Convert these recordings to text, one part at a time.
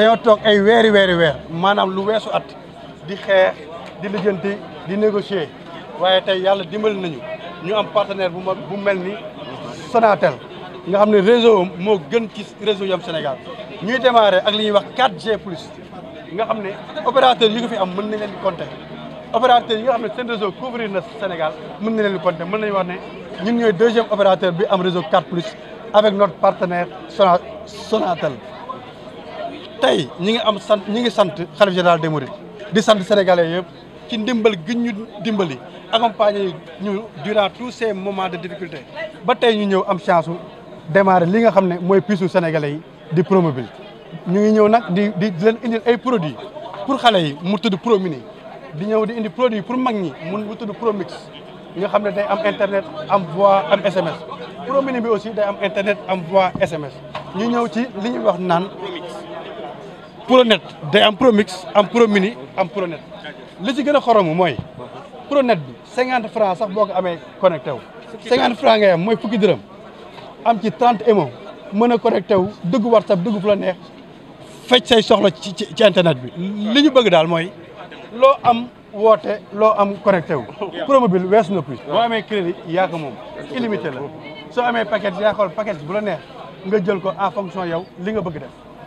dañoo tok ay wér wér wér manam lu weesu at di xeex di lijeenti di négocier waaye tay yalla dimbal nañu ñu am partenaire bu bu melni Sonatel nga xamné réseau mo gën ci réseau yam Sénégal ñuy démarré ak li ñuy wax 4G plus nga xamné opérateur yi nga fi am mën na leen di compter opérateur yi nga xamné sen réseau couvrir na Sénégal mën na leen di compter mën nañ wax né ñun ñoy deuxième opérateur bi am réseau 4 plus avec notre partenaire Sonatel Tay, ñi ngi am sant ñi ngi sant xalif général des mourides di sant sénégalais yëpp ci ndimbal gi ñu dimbali accompagner ñu durant tous ces moments de difficulté ba tey ñu ñëw am chance su démarrer li nga xam ne mooy piisu sénégalais yi di Promobile ñu ngi ñëw nag di di leen indil ay produits pour xale yi mu tudd Promini di ñëw di indi produit pour mag ñi mu tudd Promix nga xam day am internet am voix am SMS Promini bi aussi day am internet am voix SMS ñu ñëw ci li ñuy wax naan pro net day am pro am pro am pro li ci gën a xoromu mooy pro bi cinquante franc sax boo amee connecté wu cinquante franc ngay am mooy fukki dërëm am ci trente émo mën a connecté wu dugg whatsapp dugg fu la neex fecc say soxla ci ci internet bi li ñu bëgg daal mooy loo am woote loo am connecté wu promobile weesu na plus boo amee crédit yaa ko moom la soo amee paquet yaa xool paquet bu la neex nga jël ko en fonction yow li nga bëgg def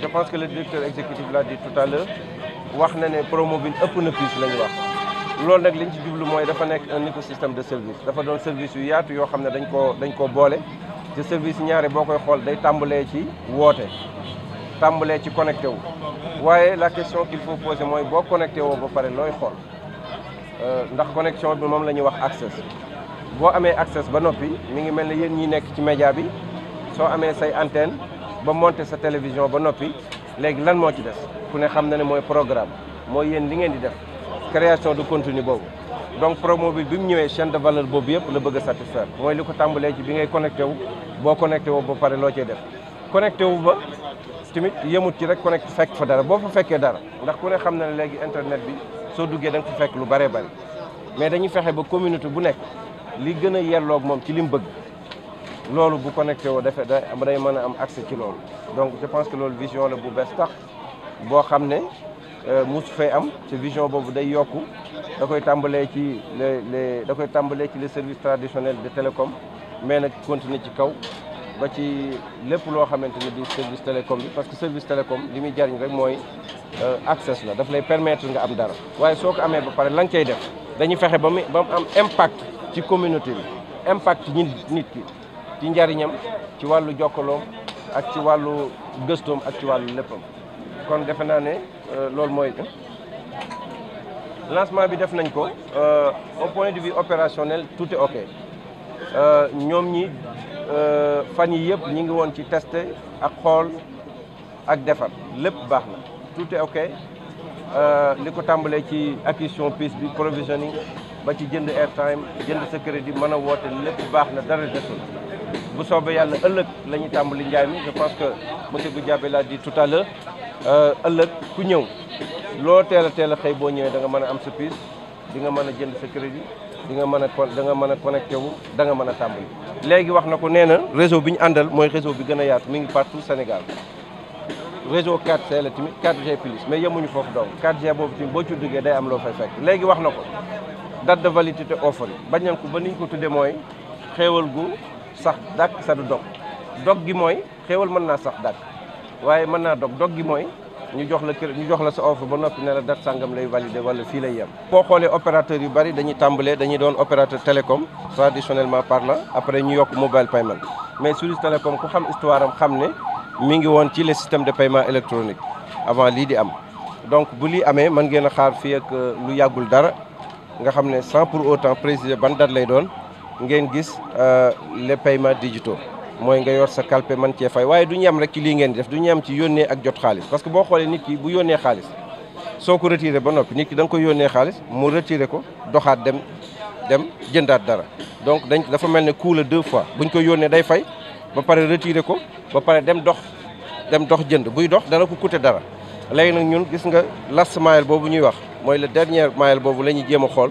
je pense que le directeur exécutif l'a dit tout à l'heure wax na né promo bi ëpp na puce lañ wax Lool nak li ci jublu moy dafa nek un écosystème de service dafa doon service yu yaatu yo xamné dañ ko dañ ko bolé. Ci service ñaari bokoy xol day tambalé ci woté. Tambalé ci connecté wu waaye la question qu'il faut poser moy bo connecté woo ba paré loy xol. Euh ndax connexion bi mom la wax access Bo amé access ba nopi, mi ngi melni yeen ñi nek ci média bi so amé say antenne ba monter sa télévision ba noppi léegi lan moo ci des ku ne xam na ne mooy programme mooy yéen li ngeen di def création de contenu boobu donc promo bi bi mu ñëwee chaîne de valeur boobu yëpp la bëgg a satisfaire mooy li ko tàmbalee ci bi ngay connecté wu boo connecté wu ba pare loo cee def connecté wu ba tamit yëmut ci rek connecté fekk fa dara boo fa fekkee dara ndax ku ne xam na ne léegi internet bi soo duggee da nga fa fekk lu bëree bëri mais dañuy fexe ba communauté bu nekk li gën a yelloog moom ci li mu bëgg loolu bu connecté wo defee day day a am accès ci loolu donc je pense que loolu vision la bu bees tax boo xam ne euh, musu fay am ci vision bobu day yokku da koy tambalé ci les les da koy tambalé ci les services traditionnels de télécom mais nak continuer ci kaw ba ci lepp lo xamanteni di service télécom bi parce que service télécom limi jarign rek moy euh access la daf lay permettre nga am dara waaye soko amé ba paré lang cey def dañuy fexé ba am impact ci communauté bi impact ci nit nit ci njariñam ci walu jokkaloom ak ci walu gëstoom ak ci walu leppam kon defe naa ne euh, loolu mooy lancement bi def nañ ko euh, au point de vue opérationnel tout est ok euh, ñom ñi fan yi yëpp ñi ngi won ci tester ak xol ak défar lepp baax na tout est ok euh ko tambalé ci acquisition pièce bi provisioning ba ci jënd airtime jënd sa crédit mëna woté lepp baax na dara desul bu soobee yàlla ëllëg lañuy ñuy tàmbali njaay mi je pense que monsieur Goudiaby l'a dit tout à l'heure euh, ëllëg ku ñëw loo teel a teel a xëy boo ñëwee da nga mën a am sa pièce di nga mën a jënd sa crédit di nga mën a da nga mën a connecté wu da nga mën a tàmbali. léegi wax na ko nee na réseau bi ñu àndal mooy réseau bi gën a yaatu mi ngi partout Sénégal réseau 4G la tamit 4G plus mais yemuñu foofu donc 4G boobu tamit boo ci duggee day am loo fay fekk léegi wax na ko date de validité offre bañ nañ ko ba ni ñu ko tuddee mooy xéewal gu. sax dàkk sa du dog dog gi mooy xéewal mën naa sax dàkk waaye mën naa dog dog gi mooy ñu jox la kër ñu jox la sa offre ba noppi ne la date sàngam lay valider wala fii lay yem. boo xoolee opérateur yu bari dañuy tàmbalee dañuy doon opérateur télécom traditionnellement parlant après ñu yokk mobile payment mais Swiss Telecom ku xam histoire am xam ne mi ngi woon ci les systèmes de paiement électronique avant lii di am. donc bu lii amee mën ngeen a xaar fii ak euh, lu yàggul dara nga xam ne sans pour autant préciser ban date lay doon. ngeen gis euh, les paiements digitaux mooy nga yor sa kalpe man cee fay waaye du ñu am rek ci lii ngeen def du ñu ci yónnee ak jot xaalis parce que boo xoolee nit ki bu yónnee xaalis soo ko retiré ba noppi nit ki da nga koy yónnee xaalis mu retiré ko doxaat dem dem jëndaat dara donc dañ dafa mel ne coup la deux fois buñ ko yónnee day fay ba pare retiré ko ba pare dem dox dem dox jënd buy dox dana ko coûter dara léegi nag ñun gis nga last mile boobu ñuy wax mooy le dernier mile boobu la ñuy jéem a xool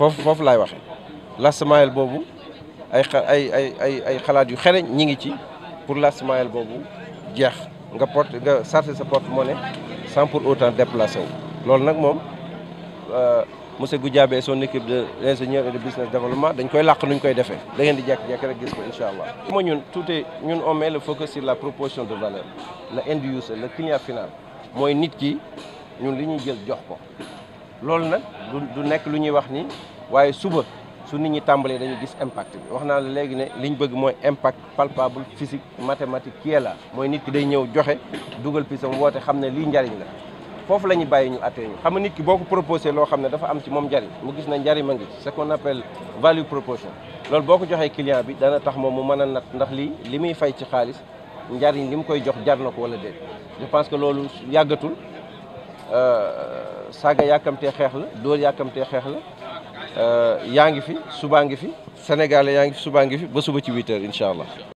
fof foofu laay waxee la semaille ay ay ay ay xalaat yu xereñ ñi ngi ci pour la bobu jeex nga porte nga chargé sa porte-monnaie sans pour autant déplacer lool nak mom euh monsieur Goudiaby et son équipe de l'ingénieur et de business développement dañ koy laq nuñ koy défé da ngeen di jek jek rek gis ko inshallah allah. ñun tout est ñun on met le focus sur la proposition de valeur le end user le client final moy nit ki ñun li ñuy jël jox ko. loolu nag du nekk lu ñuy wax ni waaye suba su nit ñi tàmbalee dañu gis impact bi wax naa la léegi ne li ñu bëgg mooy impact palpable physique mathématique ki la mooy nit ki day ñëw joxe dugal pisam woote xam ne lii njariñ la foofu la ñu bàyyi ñu attee ñu xam nga nit ki boo ko proposé loo xam ne dafa am ci moom njariñ mu gis na njariñ a ngi ce qu'on appelle value proposition loolu boo ko joxee client bi dana tax moom mu mën a nat ndax lii li muy fay ci xaalis njariñ li mu koy jox jar ko wala déet je que loolu yàggatul euh, saaga yàkkamtee xeex la dóor yàkkamtee xeex la euh, yaa ngi fi subaa ngi fi sénégalais yaa ngi fi subaa ngi fi ba suba ci 8 heures incha allah